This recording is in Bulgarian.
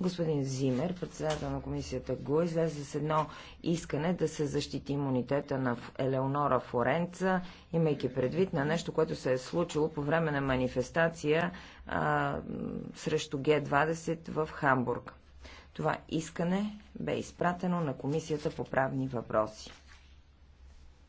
Господин Зимер, председател на комисията ГО, излезе с едно искане да се защити имунитета на Елеонора Форенца, имайки предвид на нещо, което се е случило по време на манифестация а, срещу Г-20 в Хамбург. Това искане бе изпратено на Комисията по правни въпроси.